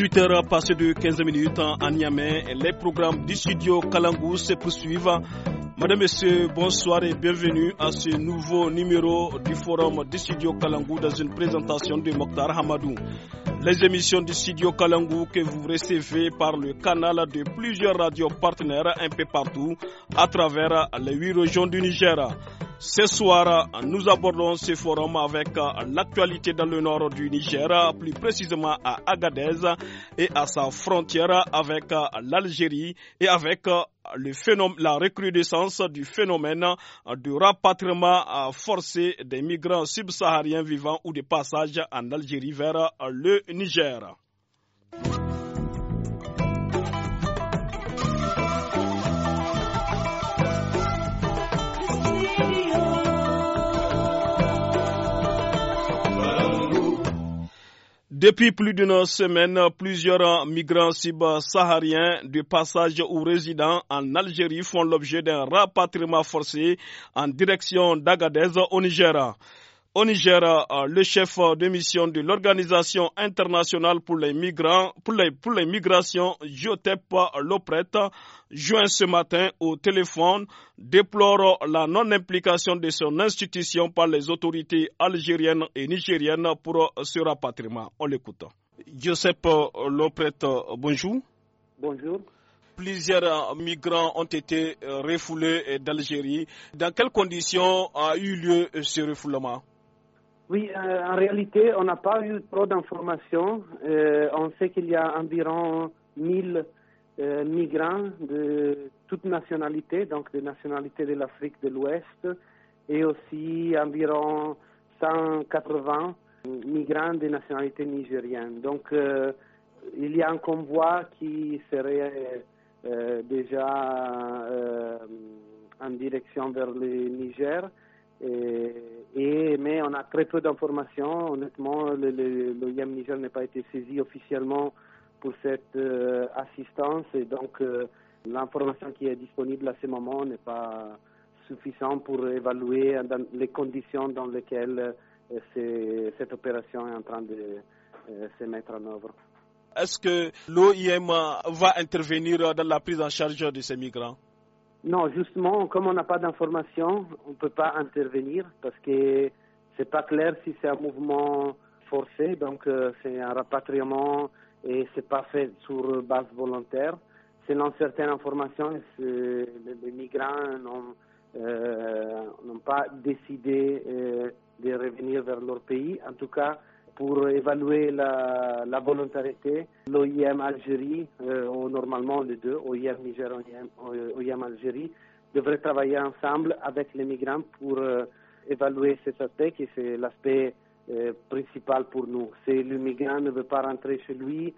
18h passé de 15 minutes à Niamey, les programmes du studio Kalangou se poursuivent. Madame, Monsieur, bonsoir et bienvenue à ce nouveau numéro du forum du studio Kalangou dans une présentation de Mokhtar Hamadou. Les émissions du studio Kalangou que vous recevez par le canal de plusieurs radios partenaires un peu partout à travers les huit régions du Niger. Ce soir, nous abordons ce forum avec l'actualité dans le nord du Niger, plus précisément à Agadez et à sa frontière avec l'Algérie et avec le phénomène, la recrudescence du phénomène du rapatriement forcé des migrants subsahariens vivants ou de passage en Algérie vers le Niger. Depuis plus d'une semaine, plusieurs migrants subsahariens de passage ou résidents en Algérie font l'objet d'un rapatriement forcé en direction d'Agadez au Niger. Au Niger, euh, le chef de mission de l'Organisation internationale pour les migrants, pour les, pour les migrations, Jotep Lopret, joint ce matin au téléphone, déplore la non-implication de son institution par les autorités algériennes et nigériennes pour ce rapatriement. On l'écoute. Joseph Lopret, bonjour. Bonjour plusieurs euh, migrants ont été euh, refoulés d'Algérie. Dans quelles conditions a eu lieu ce refoulement oui, euh, en réalité, on n'a pas eu trop d'informations. Euh, on sait qu'il y a environ 1000 euh, migrants de toutes nationalités, donc des nationalités de l'Afrique de l'Ouest, et aussi environ 180 migrants de nationalités nigériennes. Donc, euh, il y a un convoi qui serait déjà en direction vers le Niger mais on a très peu d'informations. Honnêtement, le, Niger n'a pas été saisi officiellement pour cette euh, assistance. Et donc, euh, l'information qui est disponible à ce moment n'est pas suffisante pour évaluer les conditions dans lesquelles euh, cette opération est en train de se mettre en œuvre. Est-ce que l'OIM va intervenir dans la prise en charge de ces migrants non, justement, comme on n'a pas d'informations, on ne peut pas intervenir parce que c'est pas clair si c'est un mouvement forcé, donc euh, c'est un rapatriement et c'est pas fait sur base volontaire. Selon certaines informations, les migrants n'ont euh, pas décidé euh, de revenir vers leur pays. En tout cas, pour évaluer la, la volontarité. L'OIM Algérie, euh, ou normalement les deux, OIM Niger, OIM, Algérie, devraient travailler ensemble avec les migrants pour euh, évaluer cet aspect qui c'est l'aspect euh, principal pour nous. Si le migrant ne veut pas rentrer chez lui,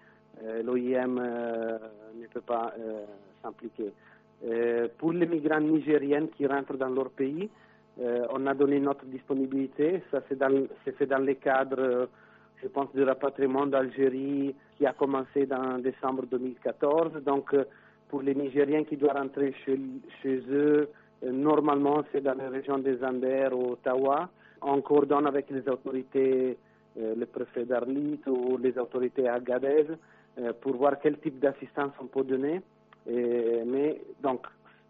l'OIM ne peut pas s'impliquer. pour les migrants nigériens qui rentrent dans leur pays, on a donné notre disponibilité. Ça, c'est fait dans les cadres je pense, du rapatriement d'Algérie qui a commencé en décembre 2014. Donc, euh, pour les Nigériens qui doivent rentrer chez, eux, euh, normalement, c'est dans la région des Anders ou Ottawa. On coordonne avec les autorités, euh, le préfet d'Arlit ou les autorités à Gadez, pour voir quel type d'assistance on peut donner. mais donc,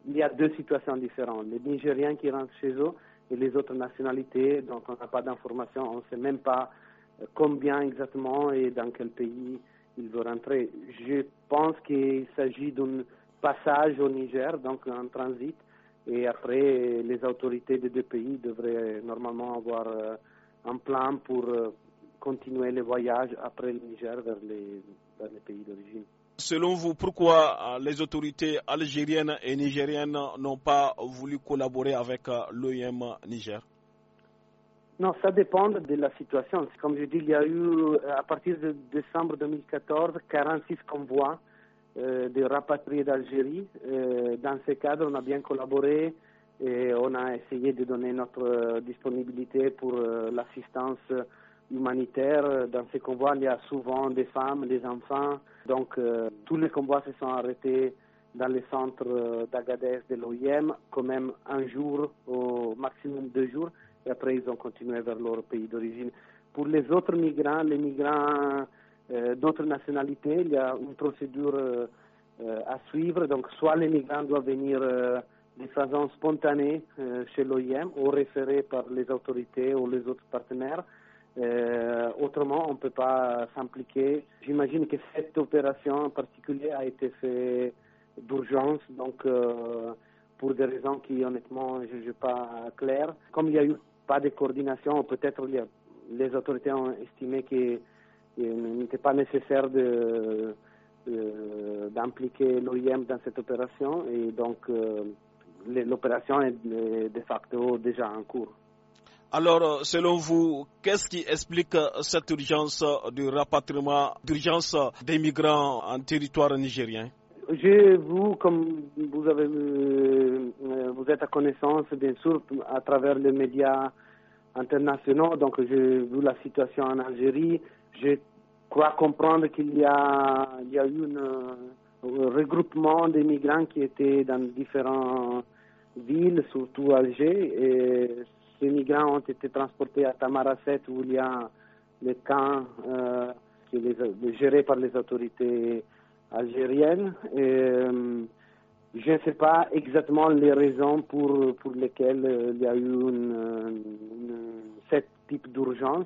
il y a deux situations différentes. Les Nigériens qui rentrent chez eux et les autres nationalités, donc on n'a pas d'informations, on ne sait même pas combien exactement et dans quel pays il veut rentrer. Je pense qu'il s'agit d'un passage au Niger, donc un transit, et après les autorités des deux pays devraient normalement avoir euh, un plan pour euh, continuer le voyage après le Niger vers les, vers les pays d'origine. Selon vous, pourquoi euh, les autorités algériennes et nigériennes n'ont pas voulu collaborer avec l'OIM Niger non, ça dépend de la situation. Comme je dis, il y a eu, euh, à partir de décembre 2014, 46 convois euh, de rapatriés d'Algérie. Euh, dans ce cadre, on a bien collaboré et on a essayé de donner notre disponibilité pour l'assistance humanitaire. Dans ces convois, il y a souvent des femmes, des enfants. Donc, tous les convois se sont arrêtés dans les centres d'Agadez de l'OIM, quand même un jour, au maximum deux jours et après ils ont continué vers leur pays d'origine. Pour les autres migrants, les migrants eh, d'autres nationalités, il y a une procédure eh, à suivre. Donc soit les migrants doivent venir eh, de façon spontanée chez l'OIM ou référés par les autorités ou les autres partenaires. autrement, on ne peut pas s'impliquer. J'imagine que cette opération en particulier a été faite d'urgence, donc euh, pour des raisons qui, honnêtement, je ne suis pas claires. Comme il y a eu pas de coordination. Peut-être les, autorités ont estimé qu'il n'était pas nécessaire de, d'impliquer l'OIM dans cette opération et donc euh, l'opération est de facto déjà en cours. Alors, euh, selon vous, qu'est-ce qui explique euh, cette urgence du rapatriement, d'urgence des migrants en territoire nigérien je vous, comme euh, euh, vous êtes à connaissance, bien sûr, à travers les médias internationaux. Donc, j'ai vu la situation en Algérie. Je crois comprendre qu'il y a, il a eu un regroupement des migrants qui étaient dans différentes villes, surtout Alger. Et ces migrants ont été transportés à Tamaracet, où il y a le camp euh, qui géré par les autorités algérienne. Et, euh, je ne sais pas exactement les raisons pour, pour lesquelles euh, il y a eu une, type d'urgence.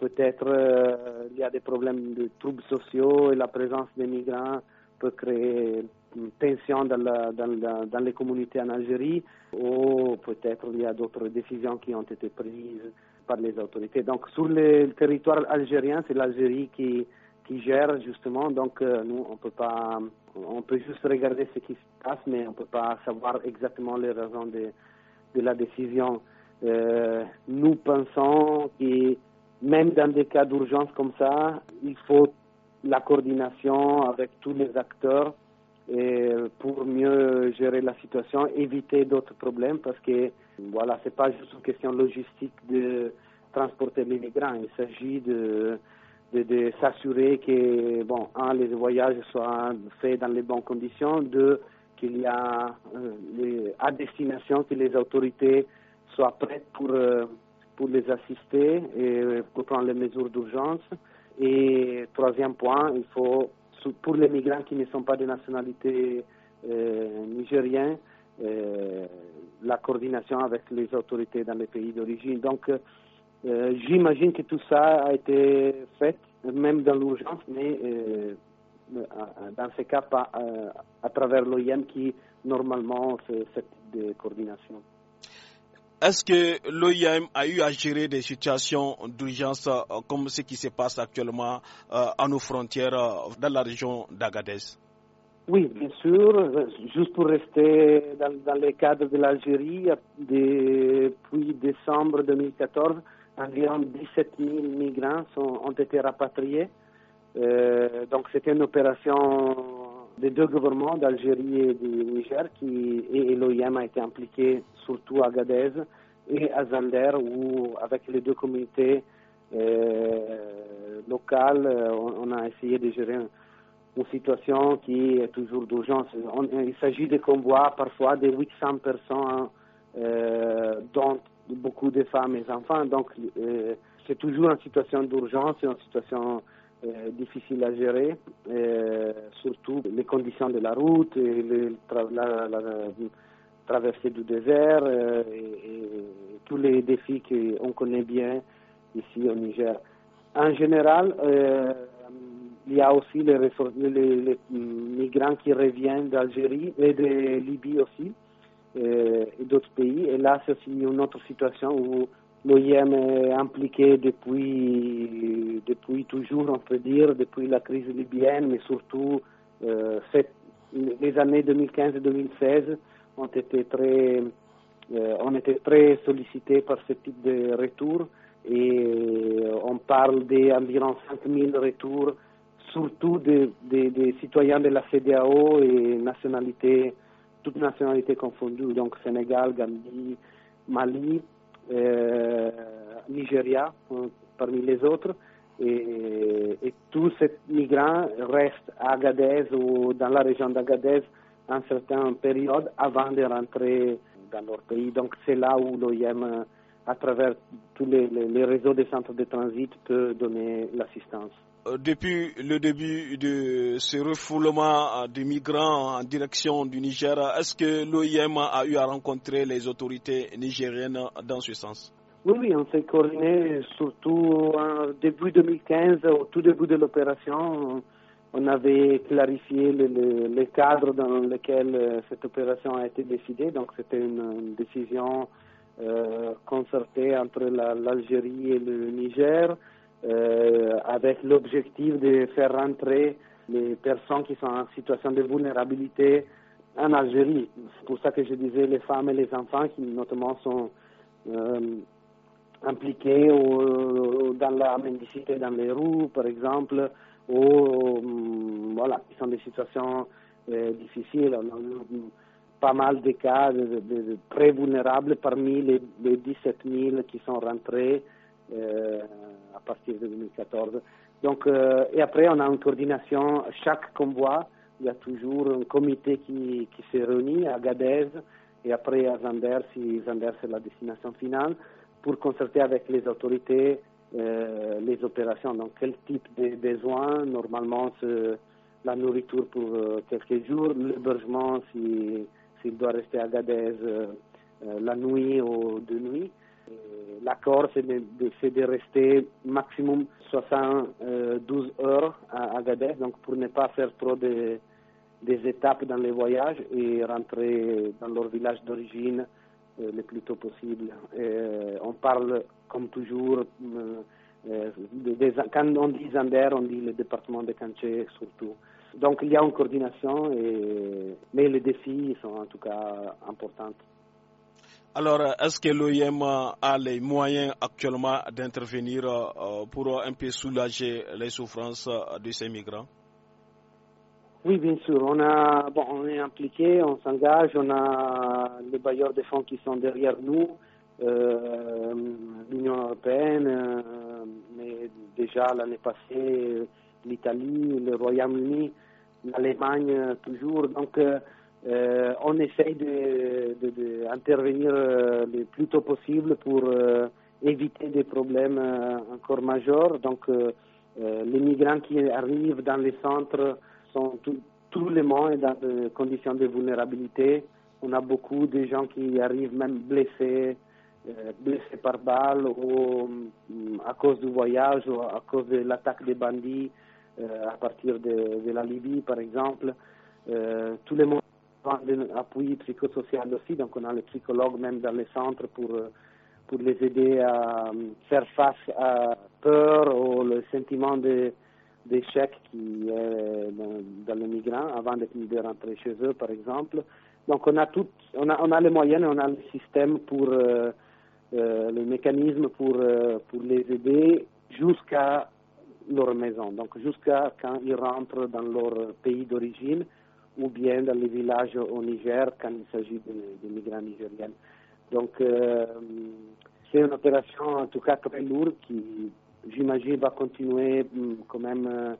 Peut-être qu'il euh, il y a des problèmes de troubles sociaux et la présence des migrants peut créer une tension dans, dans, les communautés en Algérie ou peut-être il y a d'autres décisions qui ont été prises par les autorités. Donc sur le territoire algérien, c'est l'Algérie qui, qui gère justement. Donc euh, nous, on peut pas, on peut juste regarder ce qui se passe, mais on peut pas savoir exactement les raisons de, de la décision. Euh, nous pensons que même dans des cas d'urgence comme ça, il faut la coordination avec tous les acteurs et euh, pour mieux gérer la situation, éviter d'autres problèmes parce que voilà, c'est pas juste une question logistique de transporter les migrants, il s'agit de de, s'assurer que bon, un, les voyages soient faits dans les bonnes conditions, deux, qu'il y a euh, à destination que les autorités soient prêtes pour, euh, pour les assister et euh, pour prendre les mesures d'urgence. Et troisième point, il faut, pour les migrants qui ne sont pas de nationalité euh, nigérienne, la coordination avec les autorités dans les pays d'origine. Donc, euh, j'imagine que tout ça a été fait, même dans l'urgence, mais euh, dans ce cas, pas, euh, à travers l'OIM qui, normalement, fait cette de coordination. Est-ce que l'OIM a eu à gérer des situations d'urgence comme ce qui se passe actuellement à nos frontières dans la région d'Agadez oui, bien sûr. Juste pour rester dans le cadre de l'Algérie, depuis décembre 2014, environ 17 000 migrants ont été rapatriés. Euh, donc c'était une opération des deux gouvernements d'Algérie et du Niger qui, et, l'OIM a été impliqué surtout à Gadez et à Zander où avec les deux communautés euh, locales euh, on, a essayé de gérer une situation qui est toujours d'urgence. Il s'agit de convois parfois de 800 personnes, dont beaucoup de femmes et enfants. Donc, euh, c'est toujours une situation d'urgence c'est en situation euh, difficile à gérer, euh, surtout les conditions de la route, la, traversée du désert et, tous les défis qu'on connaît bien ici au Niger. En général, il y a aussi les, les, les migrants qui reviennent d'Algérie et de Libye aussi euh, et d'autres pays. Et là, c'est aussi une autre situation où l'OIM est impliqué depuis, depuis toujours, on peut dire, depuis la crise libyenne, mais surtout euh, les années 2015 et 2016 ont été très, euh, on était très sollicités par ce type de retour et on parle d'environ 5000 retours, surtout des citoyens de la CDAO et nationalités toutes nationalités confondues, donc Sénégal, Gambie, Mali, euh, Nigeria, hein, parmi les autres. Et, tous ces migrants restent à Agadez ou dans la région d'Agadez en certaines périodes avant de rentrer dans leur pays. Donc c'est là où l'OIM, à travers tous les réseaux des centres de transit, peut donner l'assistance. Euh, depuis le début de ce refoulement euh, des migrants en direction du Niger, est-ce que l'OIM a eu à rencontrer les autorités nigériennes dans ce sens Oui, on s'est coordonné surtout au début 2015, au tout début de l'opération. On avait clarifié le, le, cadre dans lequel euh, cette opération a été décidée. Donc c'était une, décision concertée entre l'Algérie et le Niger. Euh, avec l'objectif de faire rentrer les personnes qui sont en situation de vulnérabilité en Algérie. C'est pour ça que je disais les femmes et les enfants qui notamment sont euh, impliqués dans la mendicité dans les roues, par exemple, ou hum, voilà, qui sont des situations euh, difficiles. On a pas mal de cas de, très vulnérables parmi les, les, 17 000 qui sont rentrés euh, à partir de 2014. Donc, euh, et après, on a une coordination. Chaque convoi, il y a toujours un comité qui, qui se réunit à Gadez et après à Zander, si Zander c'est la destination finale, pour concerter avec les autorités euh, les opérations, donc quel type de besoins, normalement la nourriture pour quelques jours, l'hébergement s'il doit rester à Gadez la nuit ou deux nuits. Euh, l'accord, c'est de, rester maximum 72 heures à Agadez, donc pour ne pas faire trop de, des étapes dans les voyages et rentrer dans leur village d'origine euh, le plus tôt possible. Euh, on parle, comme toujours, des, quand on dit Zander, on dit le département de Canché surtout. Donc il y a une coordination, mais les défis sont en tout cas importants. Alors, est-ce que l'OIM a les moyens actuellement d'intervenir euh, pour un peu soulager les souffrances euh, de ces migrants Oui, bien sûr. On, a, bon, on est impliqué, on s'engage, on a les bailleurs de fonds qui sont derrière nous, euh, l'Union européenne, mais déjà l'année passée, l'Italie, le Royaume-Uni, l'Allemagne toujours. Donc, euh, on essaye d'intervenir de, euh, le plus tôt possible pour euh, éviter des problèmes encore majeurs. Donc, les migrants qui arrivent dans les centres sont tous les mois dans des conditions de vulnérabilité. On a beaucoup de gens qui arrivent même blessés, blessés par balles ou mm, à cause du voyage ou à cause de l'attaque des bandits à partir de, la Libye, par exemple. Tous les besoin appui psychosocial aussi, donc on a les psychologues même dans les centres pour, euh, les aider à euh, faire face à peur ou le sentiment de, d'échec qui est dans, les migrants avant d'être de rentrer chez eux, par exemple. Donc on a tout, on a, on a les moyens et on a le système pour euh, le mécanisme pour, pour les aider jusqu'à leur maison, donc jusqu'à quand ils rentrent dans leur pays d'origine ou bien dans les villages au Niger quand il s'agit de, migrants nigériens. Donc euh, c'est une opération en tout cas très lourde qui, j'imagine, va continuer hum, quand même euh,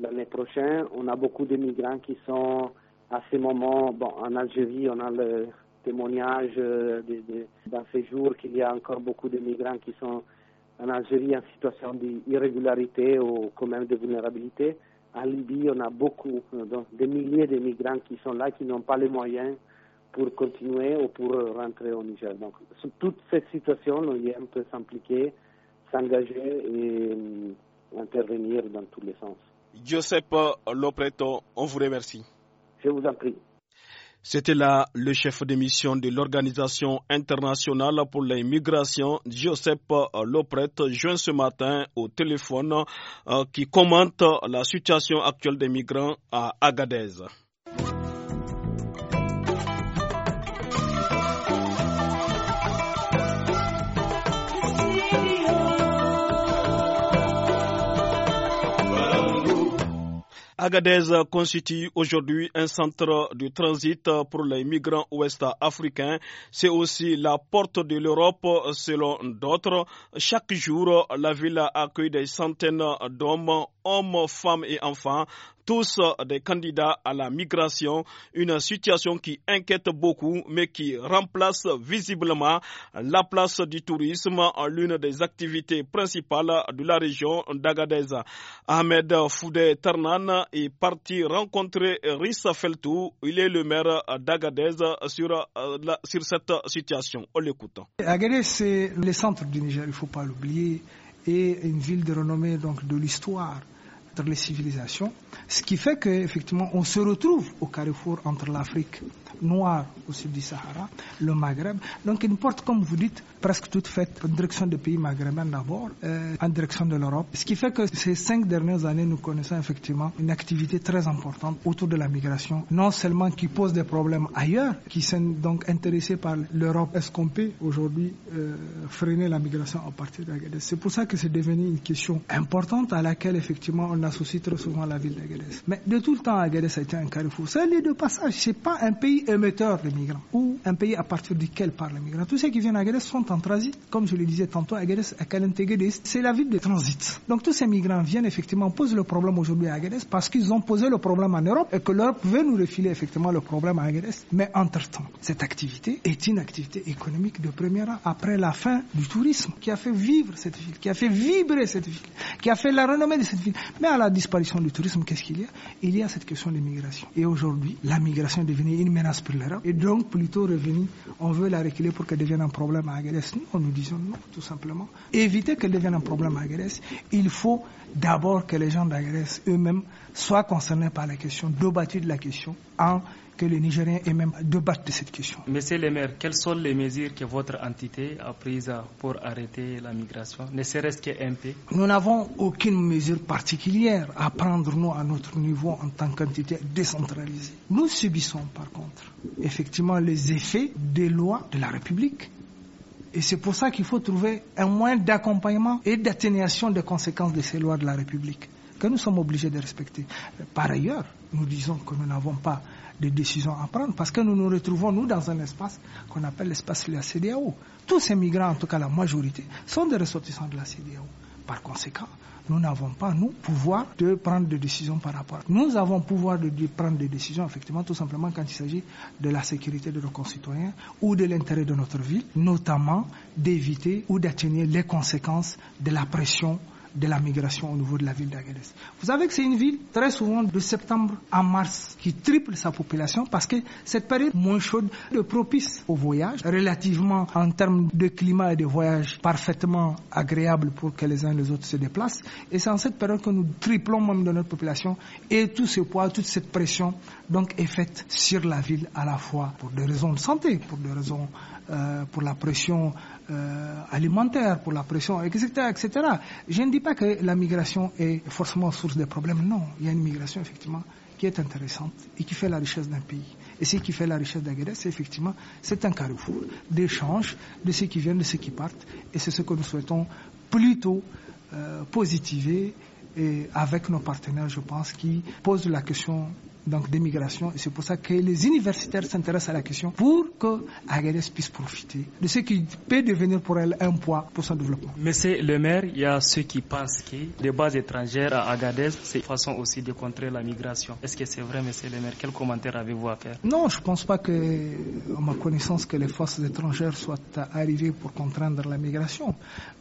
l'année prochaine. On a beaucoup de migrants qui sont à ce moment, bon, en Algérie, on a le témoignage euh, de, dans ces jours qu'il y a encore beaucoup de migrants qui sont en Algérie en situation d'irrégularité ou quand même de vulnérabilité en Libye, on a beaucoup, euh, donc des milliers de migrants qui sont là, qui n'ont pas les moyens pour continuer ou pour rentrer au Niger. Donc, sur toute cette situation, l'OIM peut s'impliquer, s'engager et euh, intervenir dans tous les sens. Giuseppe Lopretto, on vous remercie. Je vous en prie. C'était là le chef d'émission de l'Organisation internationale pour les migrations, Joseph Lopret, joint ce matin au téléphone euh, qui commente la situation actuelle des migrants à Agadez. Agadez constitue aujourd'hui un centre de transit pour les migrants ouest-africains. C'est aussi la porte de l'Europe selon d'autres. Chaque jour, la ville accueille des centaines d'hommes, hommes, femmes et enfants tous des candidats à la migration, une situation qui inquiète beaucoup mais qui remplace visiblement la place du tourisme, en l'une des activités principales de la région d'Agadez. Ahmed Foudé Tarnan est parti rencontrer Rissa Feltou, il est le maire d'Agadez sur, cette situation. On l'écoute. Agadez, c'est le centre du Niger, il ne faut pas l'oublier, et une ville de renommée donc, de l'histoire les civilisations, ce qui fait qu'effectivement on se retrouve au carrefour entre l'Afrique noire au sud du Sahara, le Maghreb, donc une porte, comme vous dites, presque toute faite en direction des pays maghrébins d'abord, euh, en direction de l'Europe, ce qui fait que ces cinq dernières années, nous connaissons effectivement une activité très importante autour de la migration, non seulement qui pose des problèmes ailleurs, qui sont donc intéressés par l'Europe. Est-ce qu'on peut aujourd'hui euh, freiner la migration à partir Guadeloupe C'est pour ça que c'est devenu une question importante à laquelle effectivement on a associe trop souvent la ville d'Agadez. Mais de tout le temps, Agadez a été un carrefour. C'est un lieu de passage. C'est pas un pays émetteur de migrants ou un pays à partir duquel parlent les migrants. Tous ceux qui viennent à Agadez sont en transit. Comme je le disais tantôt, Agadez, est c'est la ville de transit. Donc tous ces migrants viennent effectivement, poser le problème aujourd'hui à Agadez parce qu'ils ont posé le problème en Europe et que l'Europe veut nous refiler effectivement le problème à Agadez. Mais entre-temps, cette activité est une activité économique de première rang après la fin du tourisme qui a fait vivre cette ville, qui a fait vibrer cette ville, qui a fait la renommée de cette ville. Mais la disparition du tourisme, qu'est-ce qu'il y a Il y a cette question de l'immigration. Et aujourd'hui, la migration est devenue une menace pour l'Europe. Et donc, plutôt revenir, on veut la reculer pour qu'elle devienne un problème à Agadez. Nous, nous disons non, tout simplement. Éviter qu'elle devienne un problème à Grèce. il faut d'abord que les gens d'Agadez eux-mêmes soient concernés par la question, débattus de la question, en que les Nigériens et même à débattre de cette question. Monsieur le maire, quelles sont les mesures que votre entité a prises pour arrêter la migration, ne serait-ce qu'un peu Nous n'avons aucune mesure particulière à prendre, nous, à notre niveau, en tant qu'entité décentralisée. Nous subissons, par contre, effectivement, les effets des lois de la République. Et c'est pour ça qu'il faut trouver un moyen d'accompagnement et d'atténuation des conséquences de ces lois de la République que nous sommes obligés de respecter. Par ailleurs, nous disons que nous n'avons pas de décisions à prendre parce que nous nous retrouvons, nous, dans un espace qu'on appelle l'espace de la CDAO. Tous ces migrants, en tout cas la majorité, sont des ressortissants de la CDAO. Par conséquent, nous n'avons pas, nous, pouvoir de prendre des décisions par rapport. Nous avons pouvoir de, de, prendre des décisions, effectivement, tout simplement quand il s'agit de la sécurité de nos concitoyens ou de l'intérêt de notre ville, notamment d'éviter ou d'atténuer les conséquences de la pression de la migration au niveau de la ville d'Agadez. Vous savez que c'est une ville très souvent de septembre à mars qui triple sa population parce que cette période moins chaude est propice au voyage, relativement en termes de climat et de voyage parfaitement agréable pour que les uns et les autres se déplacent. Et c'est en cette période que nous triplons même de notre population et tout ce poids, toute cette pression donc est faite sur la ville à la fois pour des raisons de santé, pour des raisons euh, pour la pression euh, alimentaire, pour la pression, etc., etc. Je ne dis que la migration est forcément source de problèmes, non. Il y a une migration, effectivement, qui est intéressante et qui fait la richesse d'un pays. Et ce qui fait la richesse d'Agadez, c'est effectivement, c'est un carrefour d'échanges de ceux qui viennent, de ceux qui partent. Et c'est ce que nous souhaitons plutôt euh, positiver avec nos partenaires, je pense, qui posent la question donc des migrations. Et c'est pour ça que les universitaires s'intéressent à la question pour que Agadez puisse profiter de ce qui peut devenir pour elle un poids pour son développement. Monsieur le maire, il y a ceux qui pensent que les bases étrangères à Agadez, c'est une façon aussi de contrer la migration. Est-ce que c'est vrai, monsieur le maire Quel commentaire avez-vous à faire Non, je ne pense pas que, à ma connaissance, que les forces étrangères soient arrivées pour contraindre la migration.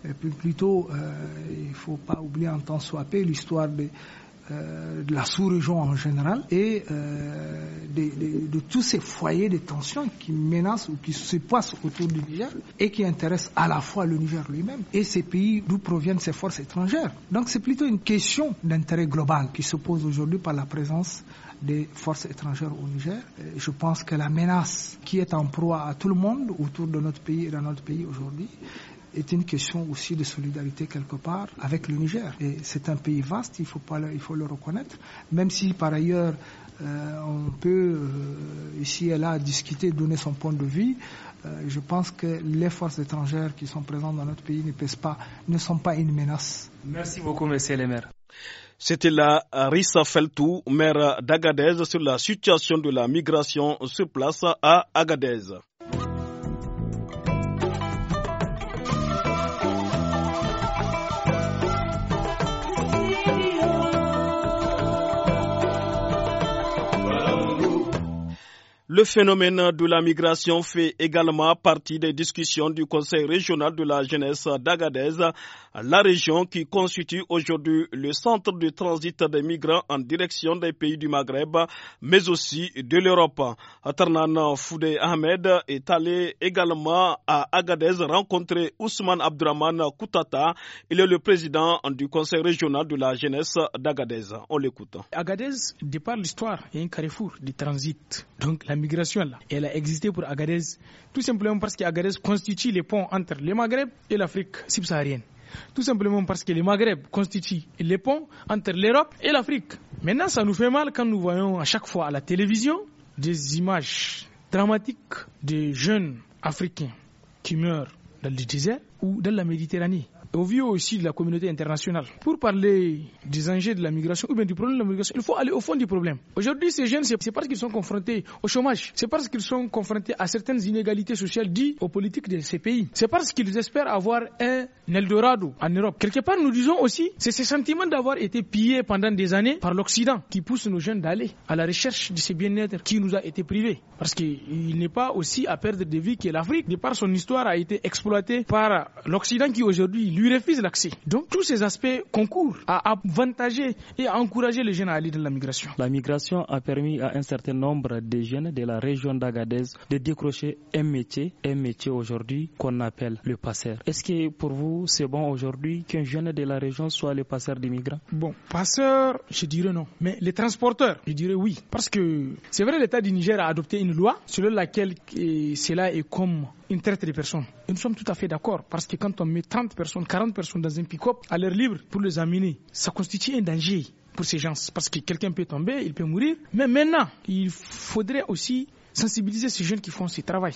Mais euh, plutôt, euh, il ne faut pas oublier en temps soit paix l'histoire de euh, de la sous-région en général et euh, de, tous ces foyers de tension qui menacent ou qui se passent autour du Niger et qui intéressent à la fois le Niger lui-même et ces pays d'où proviennent ces forces étrangères. Donc c'est plutôt une question d'intérêt global qui se pose aujourd'hui par la présence des forces étrangères au Niger. Je pense que la menace qui est en proie à tout le monde autour de notre pays et dans notre pays aujourd'hui est une question aussi de solidarité quelque part avec le Niger. Et c'est un pays vaste, il faut, pas, il faut le reconnaître, même si par ailleurs euh, on peut euh, ici et là discuter, donner son point de vue. Euh, je pense que les forces étrangères qui sont présentes dans notre pays ne, pèsent pas, ne sont pas une menace. Merci beaucoup, monsieur le maire. C'était la Rissa Feltou, maire d'Agadez, sur la situation de la migration sur place à Agadez. Le phénomène de la migration fait également partie des discussions du Conseil régional de la jeunesse d'Agadez, la région qui constitue aujourd'hui le centre de transit des migrants en direction des pays du Maghreb, mais aussi de l'Europe. Atarnana Foudé Ahmed est allé également à Agadez rencontrer Ousmane Abdraman Koutata. Il est le président du Conseil régional de la jeunesse d'Agadez. On l'écoute. Agadez, départ l'histoire, est un carrefour du transit. Donc la elle a existé pour Agadez, tout simplement parce qu'Agadez constitue les ponts entre le Maghreb et l'Afrique subsaharienne. Tout simplement parce que le Maghreb constitue les ponts entre l'Europe et l'Afrique. Maintenant, ça nous fait mal quand nous voyons à chaque fois à la télévision des images dramatiques de jeunes Africains qui meurent dans le désert ou dans la Méditerranée au vu aussi de la communauté internationale. Pour parler des enjeux de la migration ou bien du problème de la migration, il faut aller au fond du problème. Aujourd'hui, ces jeunes, c'est parce qu'ils sont confrontés au chômage, c'est parce qu'ils sont confrontés à certaines inégalités sociales dues aux politiques de ces pays, c'est parce qu'ils espèrent avoir un Eldorado en Europe. Quelque part, nous disons aussi, c'est ce sentiment d'avoir été pillé pendant des années par l'Occident qui pousse nos jeunes d'aller à la recherche de ce bien-être qui nous a été privé. Parce qu'il n'est pas aussi à perdre de vies que l'Afrique, de par son histoire, a été exploitée par l'Occident qui aujourd'hui lui refuse l'accès. Donc tous ces aspects concourent à avantager et à encourager les jeunes à aller dans la migration. La migration a permis à un certain nombre de jeunes de la région d'Agadez de décrocher un métier, un métier aujourd'hui qu'on appelle le passeur. Est-ce que pour vous c'est bon aujourd'hui qu'un jeune de la région soit le passeur des migrants Bon, passeur, je dirais non. Mais les transporteurs, je dirais oui. Parce que c'est vrai, l'État du Niger a adopté une loi selon laquelle eh, cela est comme une traite des personnes. nous sommes tout à fait d'accord parce que quand on met 30 personnes 40 personnes dans un pick-up à l'air libre pour les amener, ça constitue un danger pour ces gens parce que quelqu'un peut tomber, il peut mourir. Mais maintenant, il faudrait aussi sensibiliser ces jeunes qui font ce travail.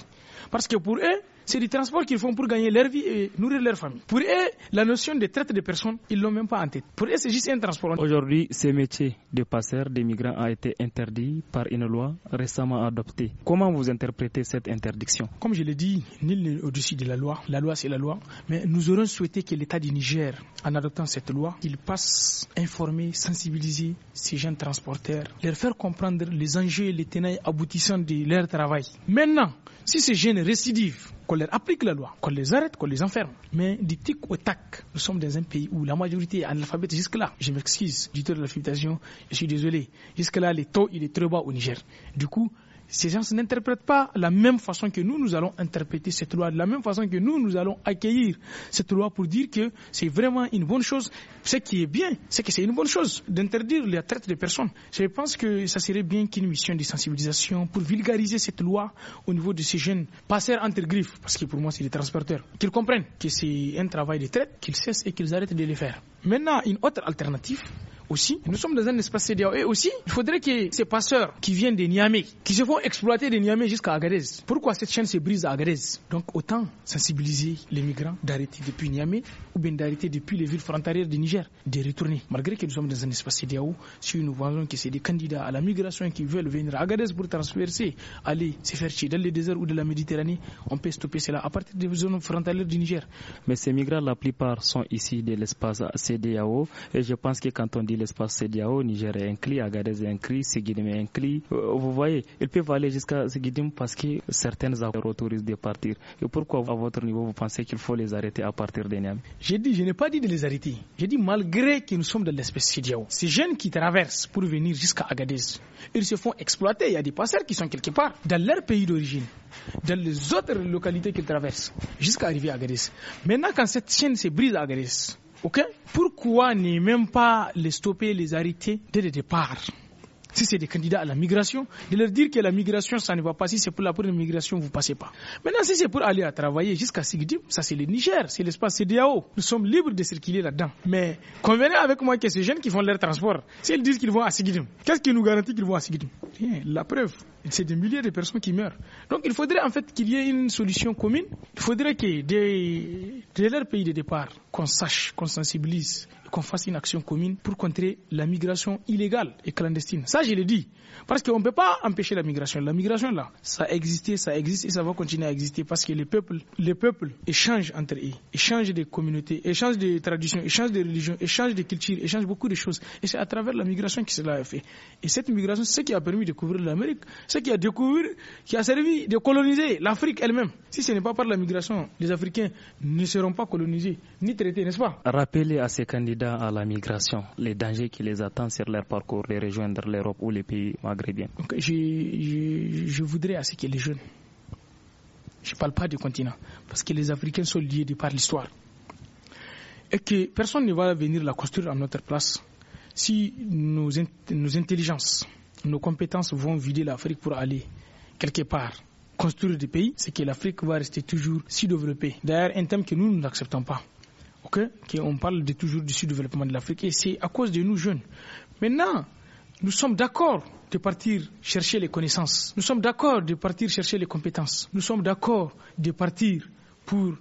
Parce que pour eux, c'est du transport qu'ils font pour gagner leur vie et nourrir leur famille. Pour eux, la notion de traite des personnes, ils l'ont même pas en tête. Pour eux, c'est juste un transport. Aujourd'hui, ce métier de passeur des migrants a été interdit par une loi récemment adoptée. Comment vous interprétez cette interdiction Comme je l'ai dit, nul n'est au-dessus de la loi. La loi, c'est la loi. Mais nous aurions souhaité que l'État du Niger, en adoptant cette loi, il passe informer, sensibiliser ces jeunes transporteurs, leur faire comprendre les enjeux et les tenailles aboutissant de leur travail. Maintenant, si ces jeunes récidivent, applique la loi, qu'on les arrête, qu'on les enferme. Mais du tic au tac, nous sommes dans un pays où la majorité est analphabète jusque-là. Je m'excuse du taux de l'alphabétisation, je suis désolé. Jusque-là, les taux, il est très bas au Niger. Du coup, ces gens n'interprètent pas la même façon que nous, nous allons interpréter cette loi, de la même façon que nous, nous allons accueillir cette loi pour dire que c'est vraiment une bonne chose. Ce qui est bien, c'est que c'est une bonne chose d'interdire la traite des personnes. Je pense que ça serait bien qu'une mission de sensibilisation pour vulgariser cette loi au niveau de ces jeunes passeurs entre griffes, parce que pour moi c'est des transporteurs, qu'ils comprennent que c'est un travail de traite, qu'ils cessent et qu'ils arrêtent de le faire. Maintenant, une autre alternative, aussi, nous sommes dans un espace CDAO. Et aussi, il faudrait que ces passeurs qui viennent de Niamey, qui se font exploiter de Niamey jusqu'à Agadez, pourquoi cette chaîne se brise à Agadez Donc autant sensibiliser les migrants d'arrêter depuis Niamey ou bien d'arrêter depuis les villes frontalières du Niger, de retourner. Malgré que nous sommes dans un espace CDAO, si nous voyons que c'est des candidats à la migration qui veulent venir à Agadez pour transverser, aller se faire chier dans les déserts ou de la Méditerranée, on peut stopper cela à partir des zones frontalières du Niger. Mais ces migrants, la plupart sont ici de l'espace CDAO et je pense que quand on dit l'espace Sediao, Niger est inclus, Agadez est inclus, Sigidim est inclus. Euh, vous voyez, ils peuvent aller jusqu'à Sigidim parce que certaines autorisent de partir. Et pourquoi, à votre niveau, vous pensez qu'il faut les arrêter à partir de J'ai dit, je n'ai pas dit de les arrêter. J'ai dit, malgré que nous sommes dans l'espace Sediao, ces jeunes qui traversent pour venir jusqu'à Agadez, ils se font exploiter. Il y a des passeurs qui sont quelque part dans leur pays d'origine, dans les autres localités qu'ils traversent, jusqu'à arriver à Agadez. Maintenant, quand cette chaîne se brise à Agadez, Ok, Pourquoi ne même pas les stopper, les arrêter dès le départ si c'est des candidats à la migration, de leur dire que la migration, ça ne va pas. Si c'est pour la première migration, vous ne passez pas. Maintenant, si c'est pour aller travailler jusqu'à Sigdim, ça c'est le Niger, c'est l'espace CDAO. Nous sommes libres de circuler là-dedans. Mais convenez avec moi que ces jeunes qui font leur transport, s'ils disent qu'ils vont à Sigdim, qu'est-ce qui nous garantit qu'ils vont à Sigdim Rien. La preuve, c'est des milliers de personnes qui meurent. Donc il faudrait en fait qu'il y ait une solution commune. Il faudrait que des dès leur pays de départ, qu'on sache, qu'on sensibilise, qu'on fasse une action commune pour contrer la migration illégale et clandestine. Ça, je le dis. Parce qu'on ne peut pas empêcher la migration. La migration, là, ça a existé, ça existe et ça va continuer à exister parce que les peuples, les peuples échangent entre eux, échangent des communautés, échangent des traditions, échangent des religions, échangent des cultures, échangent beaucoup de choses. Et c'est à travers la migration que cela a fait. Et cette migration, c'est ce qui a permis de couvrir l'Amérique, ce qui a découvert, qui a servi de coloniser l'Afrique elle-même. Si ce n'est pas par la migration, les Africains ne seront pas colonisés, ni Rappeler à ces candidats à la migration les dangers qui les attendent sur leur parcours de rejoindre l'Europe ou les pays maghrébiens. je, voudrais à ce que les jeunes, je ne parle pas du continent, parce que les Africains sont liés de par l'histoire, et que personne ne va venir la construire à notre place si nos, intelligences, nos compétences vont vider l'Afrique pour aller quelque part construire des pays, c'est que l'Afrique va rester toujours si développée. D'ailleurs, un thème que nous n'acceptons pas qu'on on parle de, toujours du sous-développement de l'Afrique et c'est à cause de nous jeunes. Maintenant, nous sommes d'accord de partir chercher les connaissances. Nous sommes d'accord de partir chercher les compétences. Nous sommes d'accord de partir pour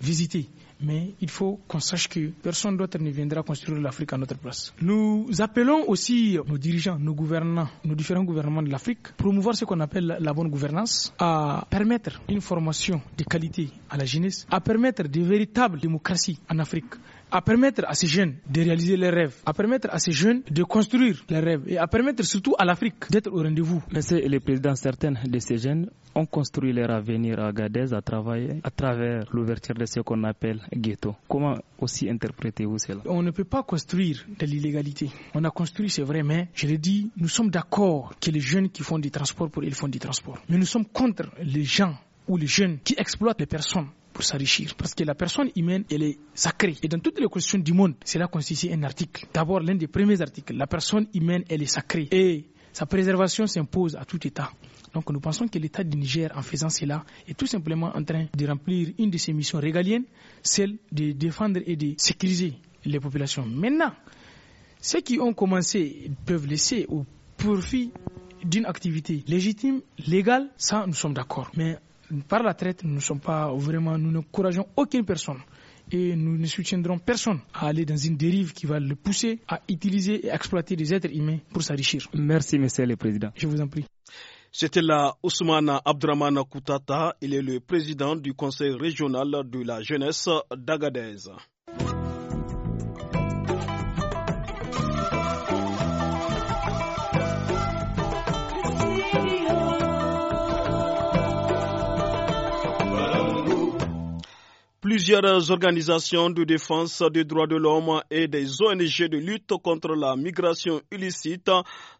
visiter mais il faut qu'on sache que personne d'autre ne viendra construire l'Afrique à notre place. Nous appelons aussi nos dirigeants, nos gouvernants, nos différents gouvernements de l'Afrique, promouvoir ce qu'on appelle la bonne gouvernance, à permettre une formation de qualité à la jeunesse, à permettre de véritables démocraties en Afrique à permettre à ces jeunes de réaliser leurs rêves, à permettre à ces jeunes de construire leurs rêves et à permettre surtout à l'Afrique d'être au rendez-vous. Monsieur le Président, certains de ces jeunes ont construit leur avenir à Gadez à, travailler, à travers l'ouverture de ce qu'on appelle ghetto. Comment aussi interprétez-vous cela On ne peut pas construire de l'illégalité. On a construit, c'est vrai, mais je le dis, nous sommes d'accord que les jeunes qui font du transport pour ils font du transport. Mais nous sommes contre les gens ou les jeunes qui exploitent les personnes pour s'enrichir. Parce que la personne humaine, elle est sacrée. Et dans toutes les questions du monde, cela constitue un article. D'abord, l'un des premiers articles. La personne humaine, elle est sacrée. Et sa préservation s'impose à tout État. Donc nous pensons que l'État du Niger, en faisant cela, est tout simplement en train de remplir une de ses missions régaliennes, celle de défendre et de sécuriser les populations. Maintenant, ceux qui ont commencé peuvent laisser au profit d'une activité légitime, légale, ça nous sommes d'accord. Mais par la traite, nous ne sommes pas vraiment, nous n'encourageons aucune personne et nous ne soutiendrons personne à aller dans une dérive qui va le pousser à utiliser et exploiter des êtres humains pour s'enrichir. Merci, Monsieur le Président. Je vous en prie. C'était là Ousmane Abdraman Koutata. Il est le président du conseil régional de la jeunesse d'Agadez. Plusieurs organisations de défense des droits de l'homme et des ONG de lutte contre la migration illicite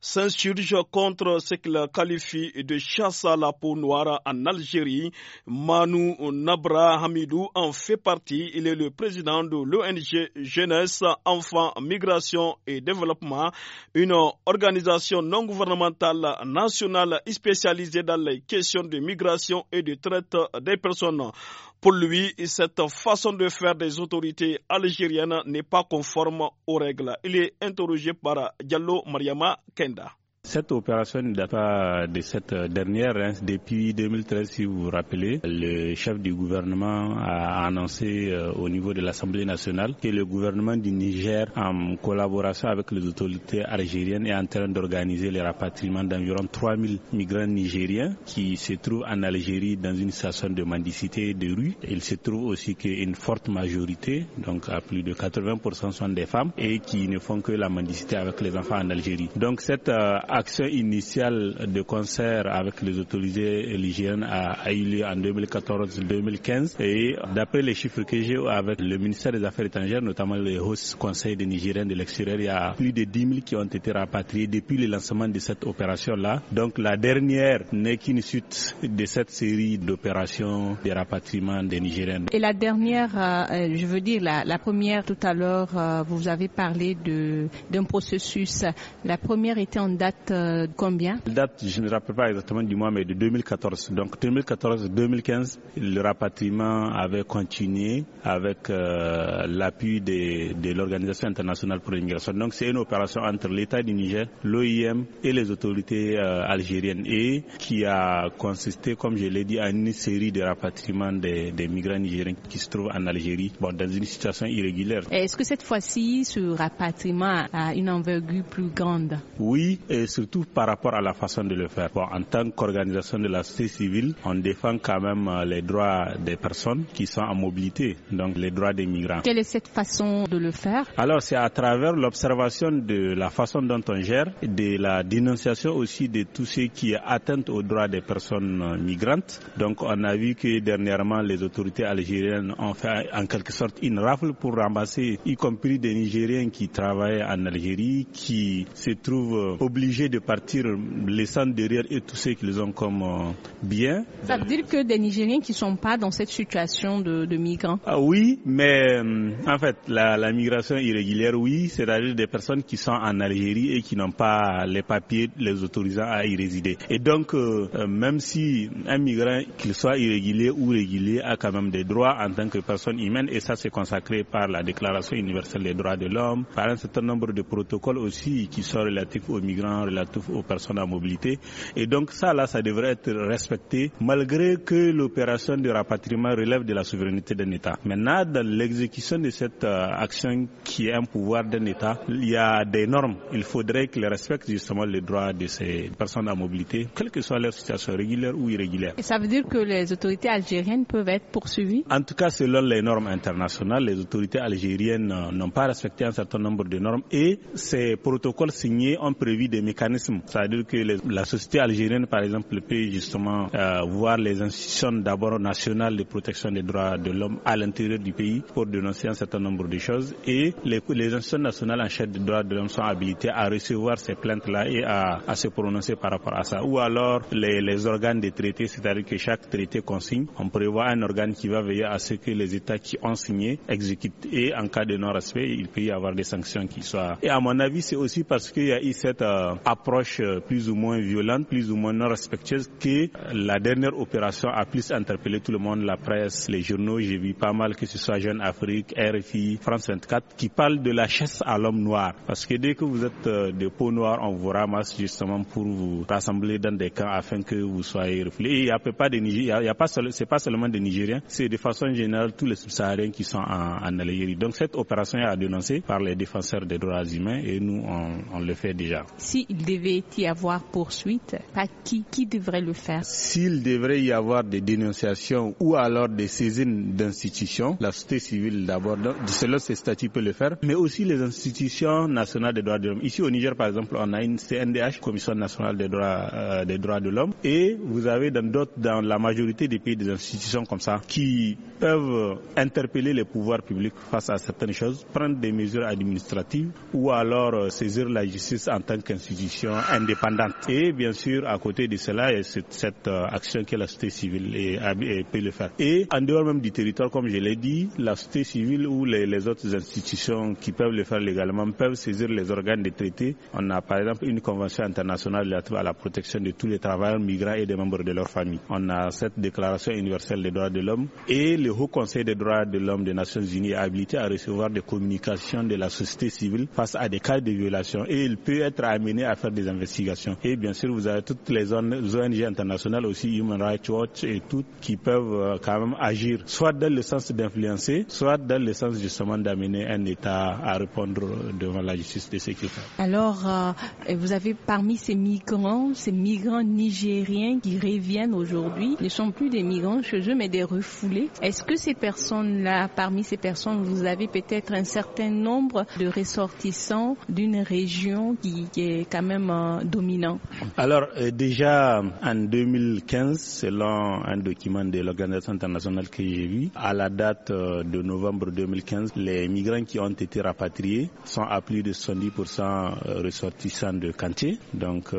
s'insurgent contre ce qu'ils qualifient de chasse à la peau noire en Algérie. Manu Nabra Hamidou en fait partie. Il est le président de l'ONG Jeunesse, Enfants, Migration et Développement, une organisation non gouvernementale nationale spécialisée dans les questions de migration et de traite des personnes. Pour lui, cette façon de faire des autorités algériennes n'est pas conforme aux règles. Il est interrogé par Diallo Mariama Kenda. Cette opération ne date pas de cette dernière. Hein. Depuis 2013, si vous vous rappelez, le chef du gouvernement a annoncé euh, au niveau de l'Assemblée nationale que le gouvernement du Niger, en collaboration avec les autorités algériennes, est en train d'organiser le rapatriement d'environ 3000 migrants nigériens qui se trouvent en Algérie dans une station de mendicité de rue. Il se trouve aussi qu'une forte majorité, donc à plus de 80%, sont des femmes et qui ne font que la mendicité avec les enfants en Algérie. Donc cette euh, action initiale de concert avec les autorités religieuses a, eu lieu en 2014-2015 et d'après les chiffres que j'ai avec le ministère des Affaires étrangères, notamment le Haut conseil des Nigériens de l'extérieur, il y a plus de 10 000 qui ont été rapatriés depuis le lancement de cette opération-là. Donc la dernière n'est qu'une suite de cette série d'opérations de rapatriement des Nigériens. Et la dernière, euh, je veux dire la, première tout à l'heure, euh, vous avez parlé d'un processus. La première était en date euh, combien La date, je ne me rappelle pas exactement du mois, mais de 2014. Donc 2014-2015, le rapatriement avait continué avec euh, l'appui de, l'Organisation internationale pour l'immigration. Donc c'est une opération entre l'État du Niger, l'OIM et les autorités euh, algériennes et qui a consisté, comme je l'ai dit, à une série de rapatriements des, migrants nigériens qui se trouvent en Algérie dans une situation irrégulière. Est-ce que cette fois-ci, ce rapatriement a une envergure plus grande Oui, surtout par rapport à la façon de le faire. en tant qu'organisation de la société civile, on défend quand même euh, les droits des personnes qui sont en mobilité, donc les droits des migrants. Quelle est cette façon de le faire Alors, c'est à travers l'observation de la façon dont on gère, de la dénonciation aussi de tous ceux qui atteignent aux droits des personnes euh, migrantes. Donc, on a vu que dernièrement, les autorités algériennes ont fait en quelque sorte une rafle pour ramasser, y compris des Nigériens qui travaillent en Algérie, qui se trouvent euh, obligés de partir, laissant derrière eux tous ceux qu'ils ont comme euh, bien. Ça veut dire que des Nigériens qui ne sont pas dans cette situation de, migrants ah, Oui, mais euh, en fait, la, migration irrégulière, oui, c'est-à-dire des personnes qui sont en Algérie et qui n'ont pas les papiers les autorisant à y résider. Et donc, euh, même si un migrant, qu'il soit irrégulier ou régulier, a quand même des droits en tant que personne humaine, et ça c'est consacré par la Déclaration universelle des droits de l'homme, par un certain nombre de protocoles aussi qui sont relatifs aux migrants, aux personnes à mobilité. Et donc ça, là, ça devrait être respecté, malgré que l'opération de rapatriement relève de la souveraineté d'un État. Maintenant, dans l'exécution de cette euh, action qui est un pouvoir d'un État, il y a des normes. Il faudrait qu'elle respectent justement les droits de ces personnes à mobilité, quelle que soit leur situation régulière ou irrégulière. Et ça veut dire que les autorités algériennes peuvent être poursuivies En tout cas, selon les normes internationales, les autorités algériennes euh, n'ont pas respecté un certain nombre de normes et ces protocoles signés ont prévu des mécanismes ça C'est-à-dire que la société algérienne, par exemple, peut justement euh, voir les institutions d'abord nationales de protection des droits de l'homme à l'intérieur du pays pour dénoncer un certain nombre de choses. Et les, les institutions nationales en chef des droits de l'homme sont habilitées à recevoir ces plaintes-là et à, à, se prononcer par rapport à ça. Ou alors les, organes des traités, c'est-à-dire que chaque traité consigne, on prévoit un organe qui va veiller à ce que les États qui ont signé exécutent. Et en cas de non-respect, il peut y avoir des sanctions qui soient. Et à mon avis, c'est aussi parce qu'il y a eu cette euh, approche euh, plus ou moins violente, plus ou moins non respectueuse que la dernière opération a plus interpellé tout le monde, la presse, les journaux. J'ai vu pas mal que ce soit Jeune Afrique, RFI, France 24 qui parlent de la chasse à l'homme noir. Parce que dès que vous êtes euh, de peau noire, on vous ramasse justement pour vous rassembler dans des camps afin que vous soyez reflés. Et il n'y a pas de Niger, il y a, c'est pas seulement des Nigériens, c'est de façon générale tous les subsahariens qui sont en, Algérie. Donc cette opération est dénoncer par les défenseurs des droits humains et nous on, on le fait déjà. Si s'il devait y avoir poursuite, par qui, qui devrait le faire S'il devrait y avoir des dénonciations ou alors des saisines d'institutions, la société civile d'abord, selon ses statuts, peut le faire, mais aussi les institutions nationales des droits de l'homme. Ici au Niger, par exemple, on a une CNDH, Commission nationale des droits, euh, des droits de l'homme, et vous avez dans d'autres, dans la majorité des pays, des institutions comme ça, qui peuvent interpeller les pouvoirs publics face à certaines choses, prendre des mesures administratives ou alors euh, saisir la justice en tant qu'institution indépendante Et bien sûr, à côté de cela, il y a cette, euh, action que la société civile et peut le faire. Et en dehors même du territoire, comme je l'ai dit, la société civile ou les, autres institutions qui peuvent le faire légalement peuvent saisir les organes des traités. On a par exemple une convention internationale relative à la protection de tous les travailleurs migrants et des membres de leur famille. On a cette déclaration universelle des droits de l'homme et le Haut Conseil des droits de l'homme des Nations Unies est habilité à recevoir des communications de la société civile face à des cas de violation et il peut être amené à faire des investigations. Et bien sûr, vous avez toutes les ONG internationales aussi, Human Rights Watch et toutes, qui peuvent euh, quand même agir, soit dans le sens d'influencer, soit dans le sens justement d'amener un État à répondre devant la justice de sécurité. Alors, euh, vous avez parmi ces migrants, ces migrants nigériens qui reviennent aujourd'hui, ne sont plus des migrants chez eux, mais des refoulés. Est-ce que ces personnes-là, parmi ces personnes, vous avez peut-être un certain nombre de ressortissants d'une région qui, qui est quand même euh, dominant Alors euh, déjà en 2015, selon un document de l'Organisation internationale que j'ai vu, à la date euh, de novembre 2015, les migrants qui ont été rapatriés sont à plus de 70% ressortissants de cantier. Donc,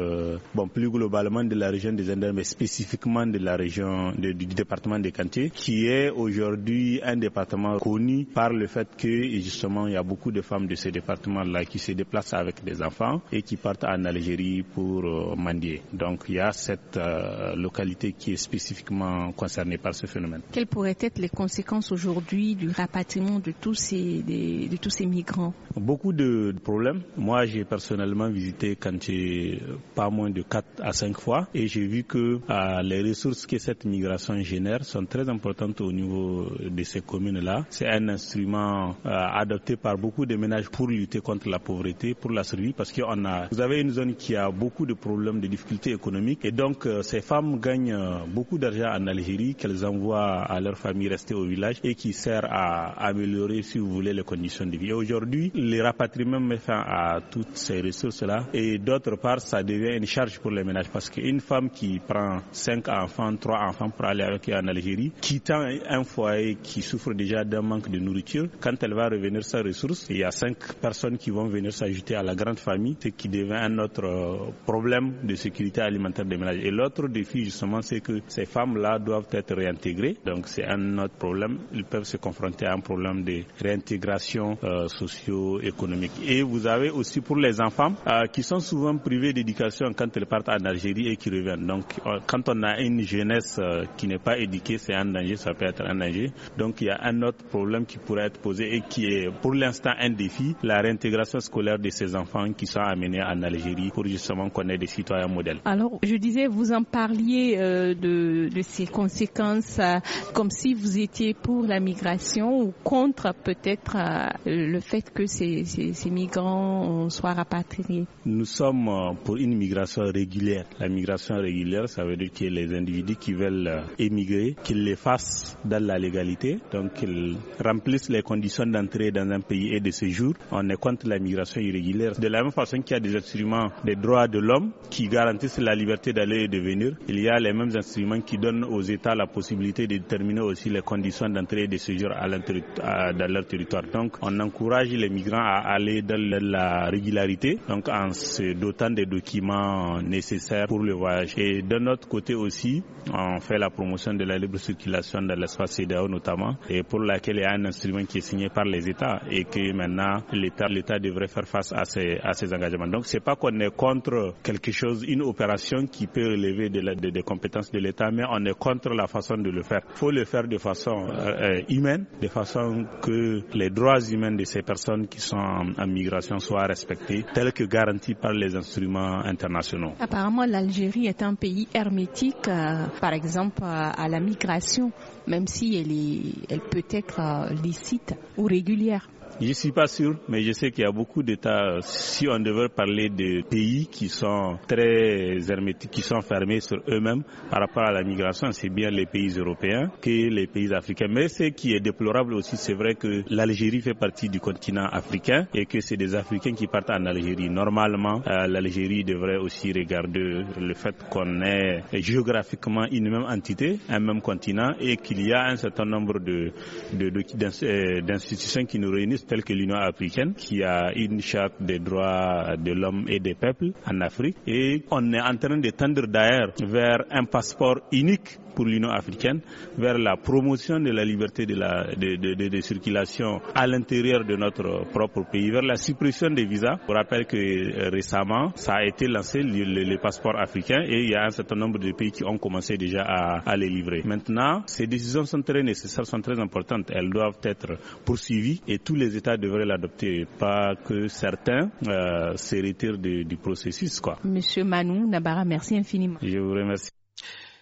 bon, plus globalement de la région des Indes, mais spécifiquement de la région du département de cantier, qui est aujourd'hui un département connu par le fait que justement il y a beaucoup de femmes de ce département-là qui se déplacent avec des enfants et qui partent à en Algérie pour euh, Mandier. Donc il y a cette euh, localité qui est spécifiquement concernée par ce phénomène. Quelles pourraient être les conséquences aujourd'hui du rapatriement de tous ces, de tous ces migrants Beaucoup de problèmes. Moi, j'ai personnellement visité Kanté euh, pas moins de 4 à 5 fois et j'ai vu que les ressources que cette migration génère sont très importantes au niveau de ces communes-là. C'est un instrument adopté par beaucoup de ménages pour lutter contre la pauvreté, pour la survie, parce qu'on a... Vous avez une une zone qui a beaucoup de problèmes, de difficultés économiques. Et donc, euh, ces femmes gagnent euh, beaucoup d'argent en Algérie qu'elles envoient à leur famille restée au village et qui sert à améliorer, si vous voulez, les conditions de vie. aujourd'hui, les rapatriements mettent fin à toutes ces ressources-là. Et d'autre part, ça devient une charge pour les ménages parce qu'une femme qui prend cinq enfants, trois enfants pour aller avec elle en Algérie, quittant un foyer qui souffre déjà d'un manque de nourriture, quand elle va revenir sa ressources, il y a cinq personnes qui vont venir s'ajouter à la grande famille, qui devient un notre euh, problème de sécurité alimentaire des ménages. Et l'autre défi, justement, c'est que ces femmes-là doivent être réintégrées. Donc, c'est un autre problème. Ils peuvent se confronter à un problème de réintégration euh, socio-économique. Et vous avez aussi pour les enfants euh, qui sont souvent privés d'éducation quand ils partent en Algérie et qui reviennent. Donc, quand on a une jeunesse qui n'est pas éduquée, c'est un danger, ça peut être un danger. Donc, il y a un autre problème qui pourrait être posé et qui est pour l'instant un défi, la réintégration scolaire de ces enfants qui sont amenés en Algérie pour justement qu'on ait des citoyens modèles. Alors, je disais, vous en parliez euh, de, ces conséquences euh, comme si vous étiez pour la migration ou contre peut-être euh, le fait que ces, migrants soient rapatriés. Nous sommes pour une migration régulière. La migration régulière, ça veut dire que les individus qui veulent émigrer, qu'ils les fassent dans la légalité, donc qu'ils remplissent les conditions d'entrée dans un pays et de séjour. On est contre la migration irrégulière. De la même façon qu'il y a des êtres des droits de l'homme qui garantissent la liberté d'aller et de venir. Il y a les mêmes instruments qui donnent aux États la possibilité de déterminer aussi les conditions d'entrée et de séjour à dans leur territoire. Donc, on encourage les migrants à aller dans la régularité, donc en se dotant des documents nécessaires pour le voyage. Et d'un autre côté aussi, on fait la promotion de la libre circulation dans l'espace CEDAO notamment, et pour laquelle il y a un instrument qui est signé par les États et que maintenant l'État l'État devrait faire face à ces à ces engagements. Donc, c'est pas on est contre quelque chose, une opération qui peut relever de des compétences de l'État, mais on est contre la façon de le faire. Il faut le faire de façon euh, euh, humaine, de façon que les droits humains de ces personnes qui sont en, migration soient respectés, tels que garantis par les instruments internationaux. Apparemment, l'Algérie est un pays hermétique, euh, par exemple, à la migration, même si elle, est, elle peut être licite ou régulière. Je suis pas sûr, mais je sais qu'il y a beaucoup d'États, euh, si on devait parler de pays qui sont très hermétiques, qui sont fermés sur eux-mêmes par rapport à la migration, c'est bien les pays européens que les pays africains. Mais ce qui est déplorable aussi, c'est vrai que l'Algérie fait partie du continent africain et que c'est des Africains qui partent en Algérie. Normalement, euh, l'Algérie devrait aussi regarder le fait qu'on est géographiquement une même entité, un même continent et qu'il y a un certain nombre de euh, d'institutions qui nous réunissent telle que l'Union africaine, qui a une charte des droits de l'homme et des peuples en Afrique. Et on est en train de tendre d'ailleurs vers un passeport unique pour l'Union africaine vers la promotion de la liberté de, la, de, circulation à l'intérieur de notre propre pays, vers la suppression des visas. Je rappelle que euh, récemment, ça a été lancé, les passeports africains, et il y a un certain nombre de pays qui ont commencé déjà à, les livrer. Maintenant, ces décisions sont très nécessaires, sont très importantes. Elles doivent être poursuivies et tous les États devraient l'adopter, pas que certains euh, retirent du, processus. Quoi. Monsieur Manou Nabara, merci infiniment. Je vous remercie.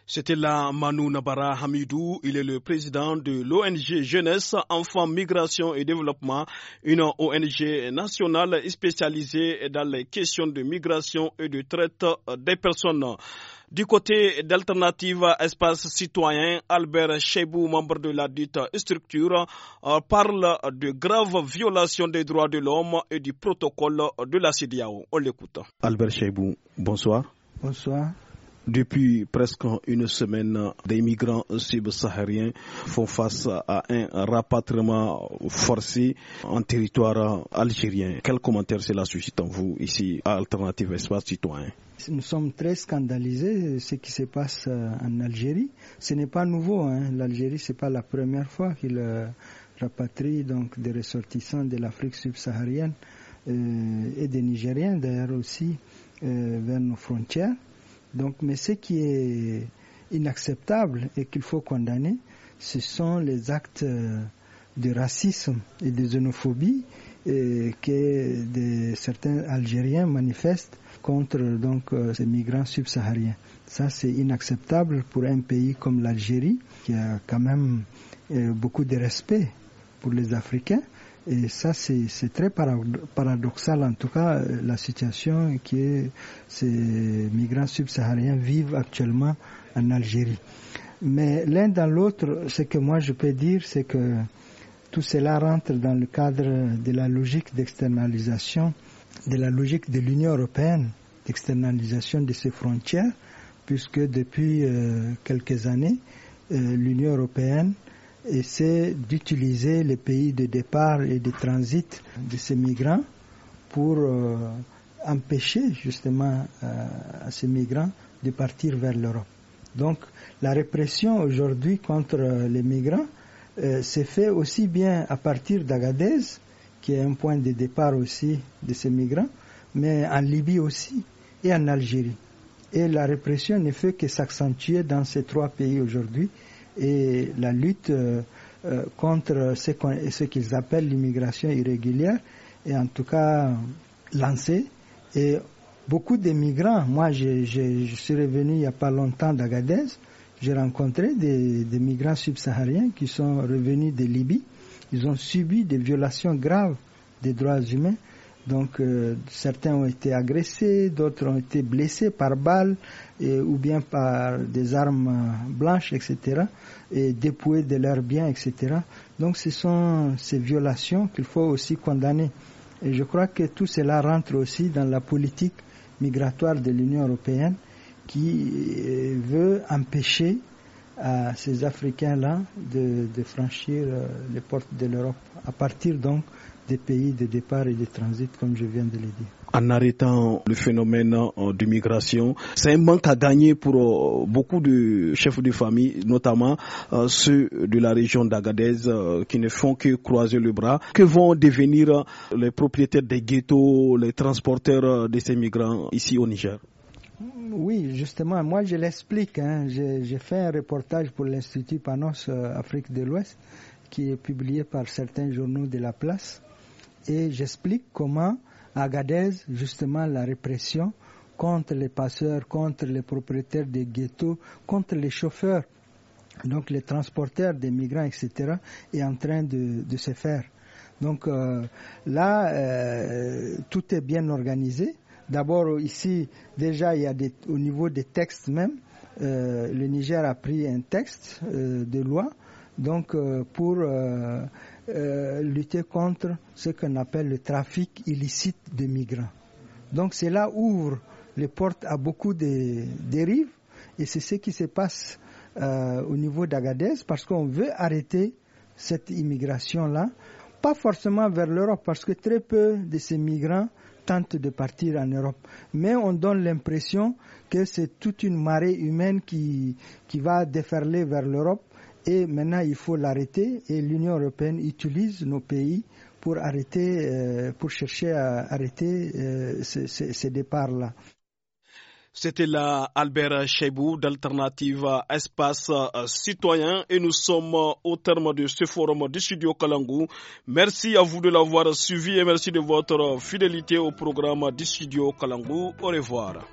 C'était là Manou Nabara Hamidou. Il est le président de l'ONG Jeunesse, Enfants, Migration et Développement, une ONG nationale spécialisée dans les questions de migration et de traite des personnes. Du côté d'Alternative Espace Citoyen, Albert Chebou, membre de la dite structure, euh, parle de graves violations des droits de l'homme et du protocole de la CDAO. On l'écoute. Albert Chebou, bonsoir. Bonsoir. Depuis presque une semaine, des migrants subsahariens font face à un rapatriement forcé en territoire algérien. Quel commentaire cela suscite en vous ici à Alternative Espace Citoyen nous sommes très scandalisés de ce qui se passe euh, en Algérie. Ce n'est pas nouveau. Hein. L'Algérie, ce n'est pas la première fois qu'il euh, rapatrie donc, des ressortissants de l'Afrique subsaharienne euh, et des Nigériens d'ailleurs aussi vers nos frontières. Donc, mais ce qui est inacceptable et qu'il faut condamner, ce sont les actes euh, de racisme et de xénophobie euh, que certains Algériens manifestent contre euh, ces migrants subsahariens. Ça, c'est inacceptable pour un pays comme l'Algérie, qui a quand même beaucoup de respect pour les Africains. Et ça, c'est très paradoxal, en tout cas, euh, la situation qui que ces migrants subsahariens vivent actuellement en Algérie. Mais l'un dans l'autre, ce que moi je peux dire, c'est que tout cela rentre dans le cadre de la logique d'externalisation, de la logique de l'Union européenne d'externalisation de ses frontières, puisque depuis euh, quelques années, euh, l'Union européenne et c'est d'utiliser les pays de départ et de transit de ces migrants pour euh, empêcher justement euh, ces migrants de partir vers l'Europe. Donc la répression aujourd'hui contre euh, les migrants s'est faite aussi bien à partir d'Agadez, qui est un point de départ aussi de ces migrants, mais en Libye aussi et en Algérie. Et la répression ne fait que s'accentuer dans ces trois pays aujourd'hui et la lutte euh, euh, contre ce, qu'ils appellent l'immigration irrégulière est en tout cas lancée. Et beaucoup de migrants, moi je, suis revenu il n'y a pas longtemps d'Agadez, j'ai rencontré des migrants subsahariens qui sont revenus de Libye. Ils ont subi des violations graves des droits humains donc euh, certains ont été agressés, d'autres ont été blessés par balles ou bien par des armes blanches, etc. Et dépouillés de leurs biens, etc. Donc ce sont ces violations qu'il faut aussi condamner. Et je crois que tout cela rentre aussi dans la politique migratoire de l'Union européenne qui euh, veut empêcher à euh, ces Africains-là de, de, franchir les portes de l'Europe à partir donc des pays de départ et de transit, comme je viens de le dire. En arrêtant le phénomène euh, de migration, c'est un manque à gagner pour euh, beaucoup de chefs de famille, notamment euh, ceux de la région d'Agadez, qui ne font que croiser le bras. Que vont devenir les propriétaires des ghettos, les transporteurs de ces migrants ici au Niger oui, justement, moi je l'explique. Hein. J'ai fait un reportage pour l'Institut Panos Afrique de l'Ouest qui est publié par certains journaux de la place et j'explique comment Agadez, justement, la répression contre les passeurs, contre les propriétaires des ghettos, contre les chauffeurs, donc les transporteurs des migrants, etc., est en train de, de se faire. Donc euh, là, euh, tout est bien organisé. D'abord, ici, déjà, il y a des, au niveau des textes même, euh, le Niger a pris un texte euh, de loi donc euh, pour euh, lutter contre ce qu'on appelle le trafic illicite de migrants. Donc cela ouvre les portes à beaucoup de dérives et c'est ce qui se passe euh, au niveau d'Agadez parce qu'on veut arrêter cette immigration-là, pas forcément vers l'Europe parce que très peu de ces migrants tentent de partir en Europe. Mais on donne l'impression que c'est toute une marée humaine qui, qui va déferler vers l'Europe et maintenant, il faut l'arrêter et l'Union européenne utilise nos pays pour arrêter, euh, pour chercher à arrêter euh, ces, départs-là. C'était là Albert Chebou d'Alternative Espace Citoyen et nous sommes au terme de ce forum du studio Kalangou. Merci à vous de l'avoir suivi et merci de votre fidélité au programme du studio Kalangou. Au revoir.